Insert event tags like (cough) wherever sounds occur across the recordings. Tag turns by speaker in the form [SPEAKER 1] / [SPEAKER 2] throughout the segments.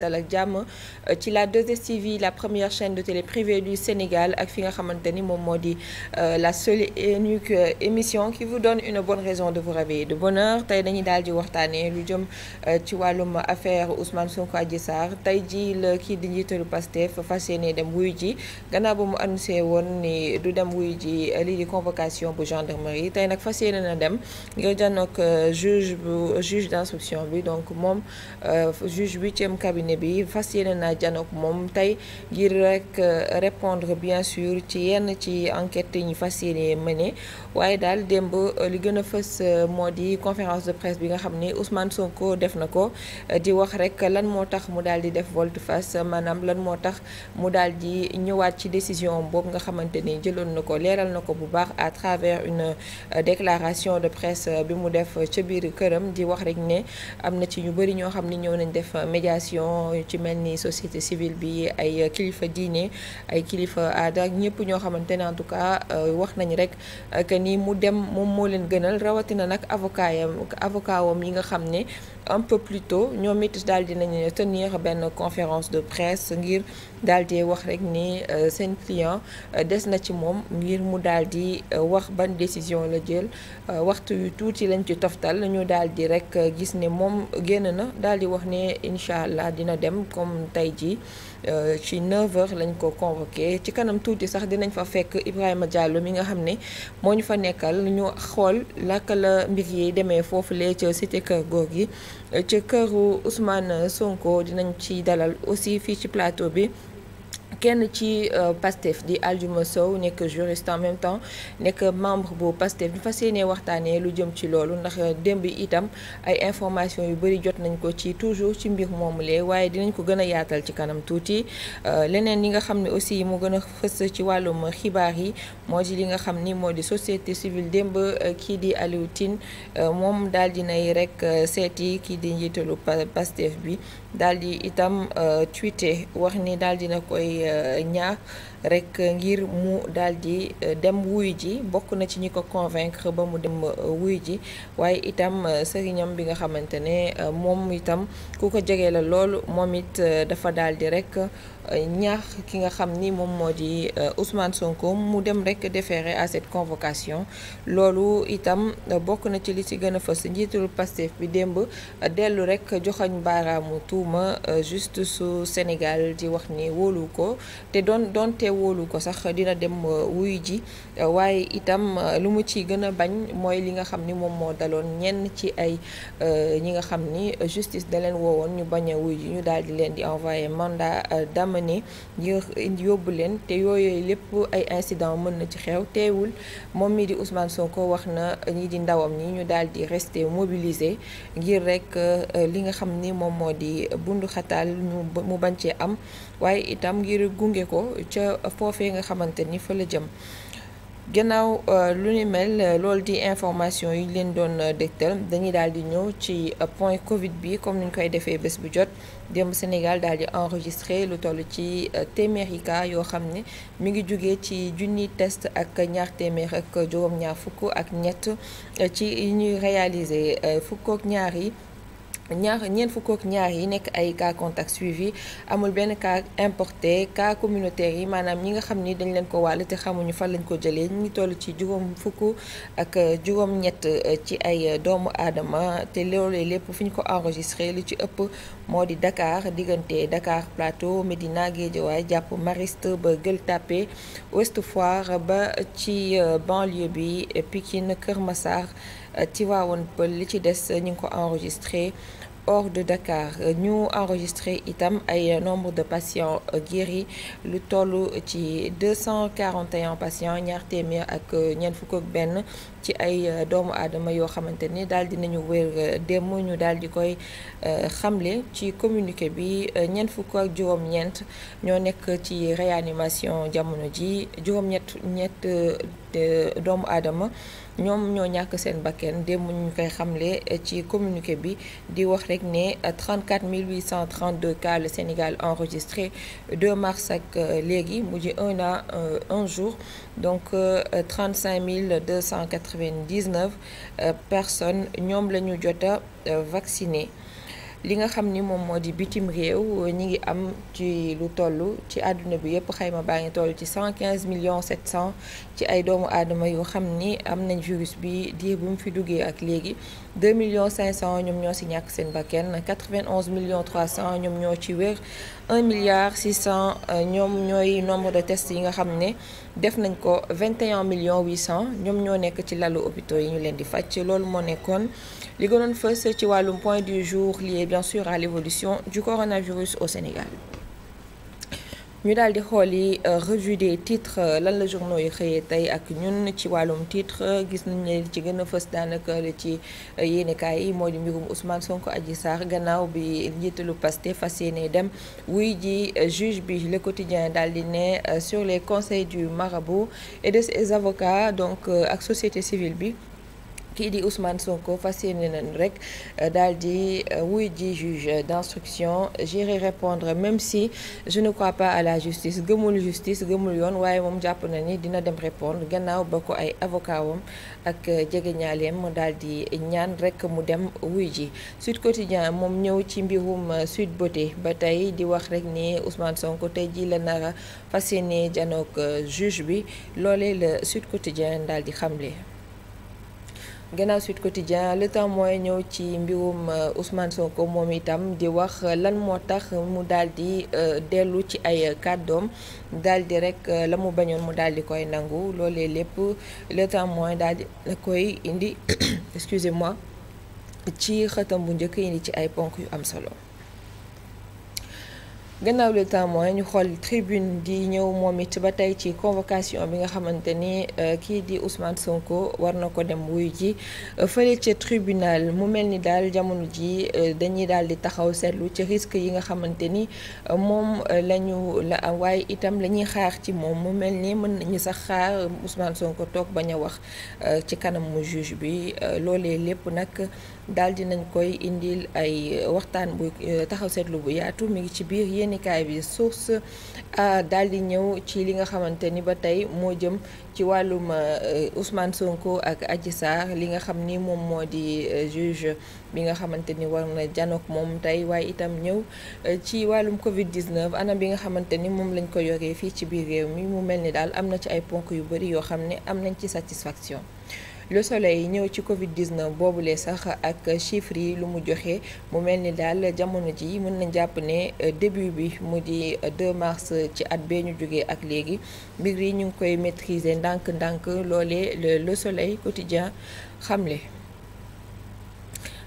[SPEAKER 1] dal ak jàmm euh, ci la 2STV la première chaine de télé privée du Sénégal ak fi nga xamante ni moom moo di euh, la seule et euh, émission qui vous donne une bonne raison de vous réveiller de bonne tey dañuy daal di waxtaanee lu jëm ci wàllum affaire Ousmane Sonko Adji Sarr tey ji la kii di njiitalu Pastef fas yéene dem wuyu ji gannaaw ba mu annoncé woon ni du dem wuy ji lii di convocation bu gendarmerie tey nag fas yéene na dem ngir jànnoog juge bu juge d'instruction bi donc moom juge cabinet bi fas yéene naa janook moom tey ngir rek euh, répondre bien sûr ci yenn ci enquête yi ñu fas yéene ma mené waaye daal démb euh, li gën a fës euh, moo di conférence de presse bi nga xam ni Ousmane Sonko def na ko di wax rek lan moo tax mu daal di def volte fas maanaam lan moo tax mu daal di ñëwaat ci décision boobu nga xamante ni jëloon na ko leeral na ko bu baax à travers une déclaration de presse bi mu def ca biir këram di wax rek ne am na ci ñu bëri ñoo xam ni ñëw nañ def médiation association ci mel ni société civile bi ay kilifa diine ay kilifa aada ak ñëpp ñoo xamante ne en tout euh, wax nañu rek euh, que ni mu dem moom moo leen gënal rawatina nag avocat yam yi nga xam ne un peu plus tôt ñoom it daal di nañu tenir benn conférence de presse ngir daal di wax rek ni euh, seen client euh, des na ci moom ngir mu daal di euh, wax ban décision la jël waxtu yu tuuti lañ ci toftal ñu daal di rek gis ne moom génn na daal di wax ne incha allah dina dem comme tey jii. Euh, ci 9h lañ ko convoqué ci kanam tuuti sax dinañ fa fekk Ibrahima Diallo mi nga xam ne moo ñu fa nekkal lu ñu xool laka la mbir yi demee foofu lee ca cité kër góor gi ci këru Ousmane Sonko dinañ ci dalal aussi fii ci plateau bi. kenn ci euh, Pastef di Aldiouma Sow nekk juriste en même temps nekk membre bu Pastef ñu fas yéenee waxtaanee lu jëm ci loolu ndax euh, démb itam ay information yu bëri jot nañ ko ci toujours ci mbir moom moomulee waaye dinañ ko gën a yaatal ci kanam tuuti euh, leneen li nga xam ne aussi mu gën a fës ci wàllum xibaar yi moo di li nga xam ni moo di société civile démb kii di Aliou Tine moom daal di nay rek seeti kii di njiitalu Pastef bi daal di itam tweeté wax ni daal dina koy Euh, ñaax rek ngir mu daal di euh, dem wuy ji bokk na ci ñu ko convaincre ba mu dem euh, wuy ji waaye itam sëriñam bi nga xamante ne moom itam ku ko jege la lool moom it dafa daal di ñaax ki nga xam ni moom moo di euh, Ousmane Sonko mu dem rek déféré à cette convocation loolu itam euh, bokk na ci li ci gën a fës njiitul Pastef bi démb euh, dellu rek joxañ baaraamu tuuma juste su Sénégal di wax ni wóolu ko te doon doonte wóolu ko sax dina dem wuyu ji waaye itam lu mu ci gën a bañ mooy li nga xam ni moom moo daloon ñenn ci ay ñi nga xam ni justice da leen woowoon ñu bañ a ji ñu daal di leen di envoyé mandat d'amener mënee ngir yóbbu leen te yooyu lépp ay incidents mën na ci xew teewul moom mi di Ousmane Sonko wax na ñi di ndawam ñi ñu daal di rester mobilisé ngir rek euh, li nga xam ni moom moo di bundu xataal ñu mu bañ cee am waaye itam ngir gunge ko ca foofee nga xamante ni fa la jëm. gannaaw euh, lu ni mel euh, loolu di information yi leen doon euh, dégtal dañuy daal di ñëw ci point Covid bi comme ni ñu koy defee bés bu jot démb Sénégal daal di lu toll ci téeméeri cas yoo xam ni mi ngi jugee ci junni test ak ñaar téeméer ak juróom-ñaar fukk ak ñett ci yi ñuy réaliser fukk ak ñaar ñeent fukk ak ñaar yi nekk ay cas contact suivi amul benn cas importé cas communautaire yi maanaam ñi nga xam ni dañ leen ko wàll te xamuñu fan lañu ko jëlee ñu ngi toll ci juróom fukk ak euh, juróom-ñett euh, ci ay euh, doomu aadama te loolee lépp fi ñu ko enregistré li ci ëpp moo di dakaar diggante Dakar Plateau Médina Guédiawaye jàpp Mariste ba Gueule Tapée Ouest Foire ba ci banlieue bi Pikine Kër Massar. Tivaouane Peulh li ci des ñu ngi ko enregistré hors de Dakar ñu enregistré itam ay nombre de patients guéris lu toll ci 241 patients ñaar téeméer ak ñeent fukk ak benn ci ay doomu aadama yoo xamante ni daal dinañu wér démb ñu daal di koy euh, xamle ci communiqué bi ñeent fukk ak ñoo nekk ci réanimation jamono ji juróom-ñett ñett te doomu aadama ñoom ñoo ñàkk seen bakken démb ñu koy xamle ci communiqué bi di wax rek ne 34 832 cas le Sénégal enregistré 2 mars ak euh, léegi mu ji un an euh, un jour donc euh, trent mille cent 35 299 personnes ñoom la ñu jot vacciné li nga xam ni moom moo di bitim réew ñi ngi am ci lu toll ci àdduna bi yëpp xayma baa ngi toll ci million millions cent ci ay doomu aadama yu xam ni am nañ virus bi diir bu mu fi duggee ak léegi 2 millions 500 ñoom ñoo si ñàkk seen bakkan 91 millions 300 ñoom ñoo ci wér 1 milliard 600 euh, ñoom ñooy nombre de tests yi nga xam ne def nañ ko million millions 800 ñoom ñoo nekk ci lalu hôpitaux yi ñu leen di faj loolu moo nekkoon li gënoon fës ci wàllum point du jour lié bien sûr à l'évolution du coronavirus au Sénégal. ñu daal di xool yi euh, revue des titres euh, lan la journaux yi xëyee tey ak ñun ci wàllum titre gis nañ ne ci gën a fës daanaka li ci euh, yéenekaay yi moo di mbirum Ousmane Sonko Adji Sarr gannaaw bi njiitalu Pastef fas yéene dem wuy ji juge bi le quotidien daal di ne sur les conseils du marabout et de ses avocats donc ak société civile bi kii di Ousmane Sonko fas yéene nañ rek euh, daal di euh, wuy ji juge d'instruction j'irai répondre même si je ne crois pas à la justice gëmul justice gëmul yoon waaye moom jàpp na ni dina dem répondre gannaaw ba ko ay avocat ak euh, jege ñaaleem mu daal di ñaan rek mu dem wuy ji Sud Quotidien moom ñëw ci mbirum Sweet Beauté ba tey di wax rek ni Ousmane Sonko tey ji la nara fas yéene janook juge bi loolee la Sud Quotidien daal di xamle gannaaw Sud Quotidien le temps mooy ñëw ci mbirum euh, Ousmane ko moom itam di wax lan moo tax mu daal di euh, dellu ci ay kàddoom daldi di rek euh, la mu bañoon mu daal di koy nangu loolee lépp le mooy daal di koy indi (coughs) excusez-moi ci xëtam bu njëkk indi ci ay ponk yu am solo. gannaaw le témoin ñu xool tribune di ñëw moom it ba tey ci convocation bi nga xamante ni euh, kii di Ousmane Sonko war na ko dem wuyu ji euh, fële ca tribunal mu mel ni daal jamono ji euh, dañuy daal di taxaw seetlu ci risque yi nga xamante ni moom la ñu la waaye itam lañuy ñuy xaar ci moom mu mel ni mën nañu sax xaar Ousmane Sonko toog bañ a wax ci kanamu juge bi loolee lépp nag daal di nañ koy indil ay waxtaan bu taxaw seetlu bu yaatu mi ngi ci biir yéenikaay bi source daal di ñëw ci li nga xamante ni ba tey moo jëm ci wàllum euh, Ousmane Sonko ak Adji Sarr li nga xam ni moom moo di euh, juge bi nga xamante ni war na janook moom tey waaye itam ñëw euh, ci wàllum Covid 19 anam bi nga xamante ni moom lañ ko yoree fii ci biir réew mi mu mel ni daal am na ci ay ponk yu bari yoo xam ne am nañ ci satisfaction. le soleil ñëw ci Covid 19 boobule sax ak chiffres yi lu mu joxe mu mel ni daal jamono ji mën nañ jàpp ne euh, début bi mu di 2 euh, mars ci at bee ñu jógee ak léegi mbir yi ñu ngi koy maîtriser ndànk-ndànk loolee le soleil quotidien xamle.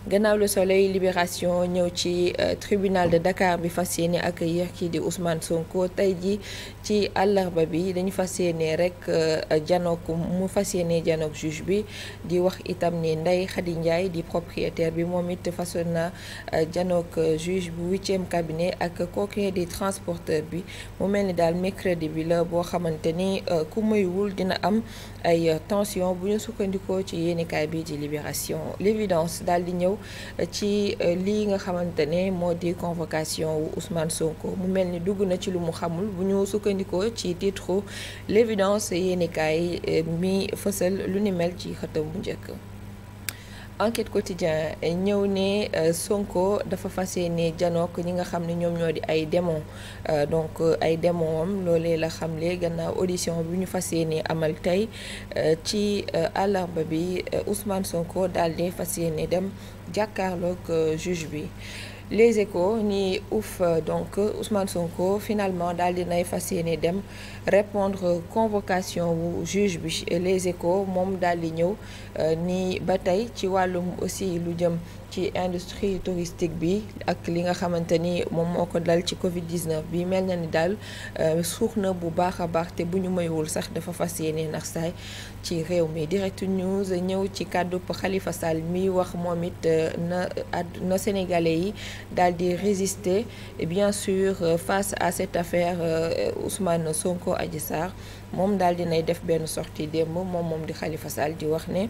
[SPEAKER 1] gannaaw le soleil libération ñëw ci euh, tribunal de Dakar bi fas ak accueillir kii di Ousmane Sonko tey ji ci àllarba bi dañu fas yéene rek euh, janook mu fas yéene janook juge bi di wax itam ni Ndeye Ndiaye di propriétaire bi moom it façon na euh, janook juge bu huitième cabinet ak kooku di transporteur bi mu mel ni daal mercredi bi la boo xamante ni ku muywul dina am ay tension bu ñu sukkandikoo ci yéenekaay bi di libération l'évidence daal di ñëw Euh, ci euh, lii nga xamante ne moo di convocation wu Ousmane Sonko mu mel ni dugg na ci lu mu xamul bu ñu sukkandikoo ci titre l'évidence yéenikaay euh, mi fësal lu ni mel ci xëtam bu njëkk enquête quotidien eh, ñëw ne eh, Sonko dafa fas yéene janook ñi nga xam ne ñoom ñoo di ay démon eh, donc ay démon loole la xam xamle gannaaw audition bu ñu fas yéene amal tey ci àllarba bi Ousmane Sonko daal di fas yéene dem jàkkaarlook juge bi. les échos ni ouf euh, donc euh, Ousmane Sonko finalement daal di nay fas yéene dem répondre convocation wu juge bi les échos moom daal di ñëw euh, ni ba tey ci wàllum aussi lu jëm ci industrie touristique bi ak li nga xamante ni moom moo ko dal ci Covid 19 bi mel na ni daal suux na bu baax a baax te bu ñu mayul sax dafa fas yéene nax saay ci réew mi direct news ñëw ci kàddu xalifa Sall mi wax moom it na na sénégalais yi. daal di résister bien sûr euh, face à cette affaire euh, Ousmane Sonko Adji Sarr moom daal dinay def benn sortie démb moom moom di Khalifa Sall di wax ne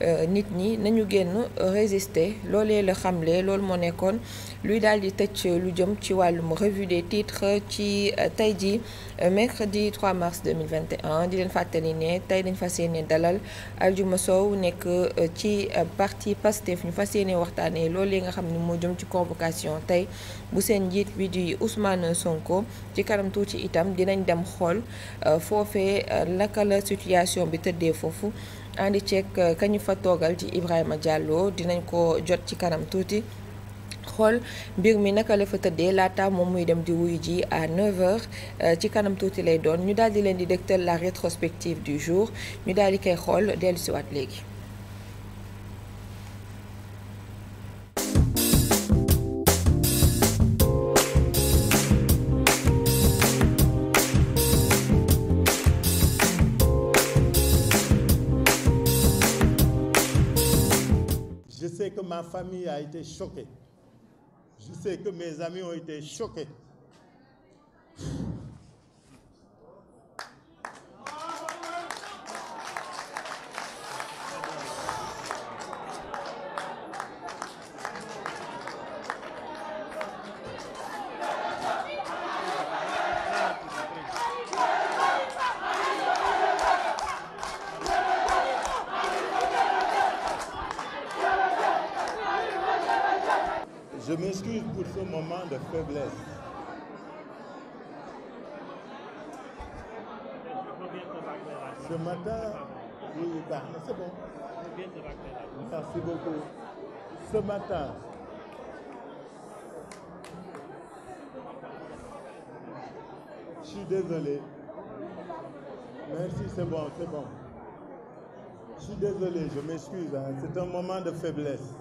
[SPEAKER 1] euh, nit ñi nañu génn résister loolee la xamle loolu moo nekkoon luy daal di tëj lu jëm ci wàllum revue des titres ci euh, tey ji euh, mercredi 3 mars 2021 di leen fàttali ne tey dañ fas yéene dalal Aljuma Sow nekk ci parti Pastef ñu fas yéene waxtaanee loolee nga xam ne moo jëm ci convocation tey bu seen njiit wi di Ousmane Sonko ci kanam tuuti itam dinañ dem xool foofe foofee euh, naka la situation bi tëddee foofu andi ceeg euh, kañu fa toogal ci Ibrahima Diallo dinañ ko jot ci kanam tuuti xool mbir mi naka la fa tëddee laata moom muy dem di wuyu ji à 9h euh, ci kanam tuuti lay doon ñu daal di leen di dégtal la rétrospective du jour ñu daal di koy xool dellusiwaat léegi. ma famille a été choquée. Je sais que mes amis ont été choqués.
[SPEAKER 2] Je m'excuse pour ce moment de faiblesse. Ce matin, c'est bon. Merci beaucoup. Ce matin, je suis désolé. Merci, c'est bon, c'est bon. Je suis C'est un moment de faiblesse.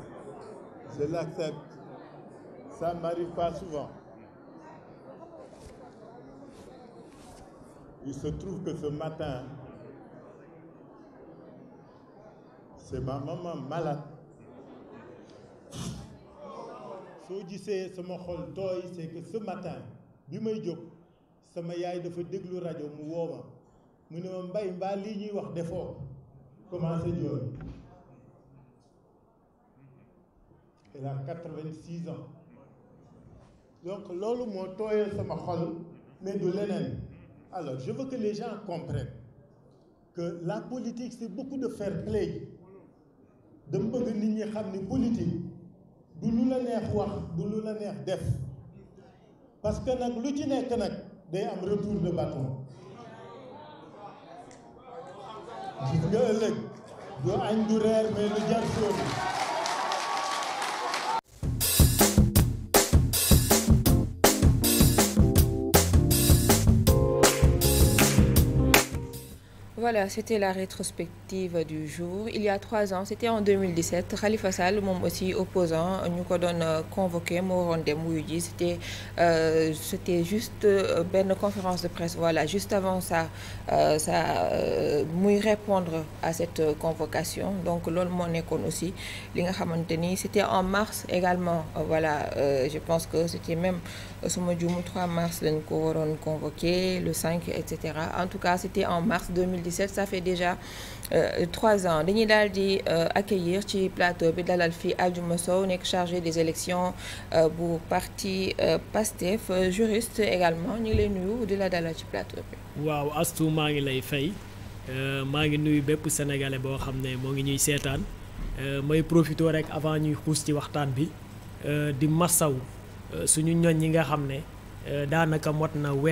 [SPEAKER 2] Je l'accepte. Ça ne m'arrive pas souvent. Il se trouve que ce matin, c'est ma maman malade. soo gisee sama xol tooy c'est que ce matin bi may jóg sama yaay dafa déglu rajo mu woo ma mu ne ma mbay mbaa lii ñuy wax defoo commencé jooy elle donc loolu moo tooyal sama xol mais du leneen alors je veux que les gens comprennent que la politique c'est beaucoup de fair play dama bëgg nit ñi xam ni politique du lu la neex wax du lu la neex def parce que nag lu ci nekk nag day am retour de bâton gis nga ëllëg du añ du reer mais lu jar sóobu
[SPEAKER 1] voilà c'était la rétrospective du jour il y a trois ans c'était en Khalifa Sall moom aussi opposant ñu ko doon euh, convoqué moo waroon dem wuyu ji c'était euh, c'était juste euh, benn conférence de presse voilà juste avant ça euh, ça euh, muy répondre à cette convocation donc loolu moo nekkoon aussi li nga xamante ni c'était en mars également euh, voilà je pense que c'était même suma jumu 3 mars lañ ko waroon convoqué le 5 et cetera en tout cas c'était en mars 2017 ça fait déjà euh, trois ans dañuy daal di euh, accueillir ci plateau bi dalal fii Adjuma Sow nekk chargé des élections euh, bu parti PASTEF juriste également ñu ngi lay nuyu di la dalal ci plateau bi. waaw Astou maa ngi lay fay maa ngi nuyu bépp sénégalais boo xam ne moo ngi ñuy seetaan mooy profité rek avant ñuy xuus ci waxtaan bi di massaw suñu ñoñ ñi nga xam ne daanaka mot na weer.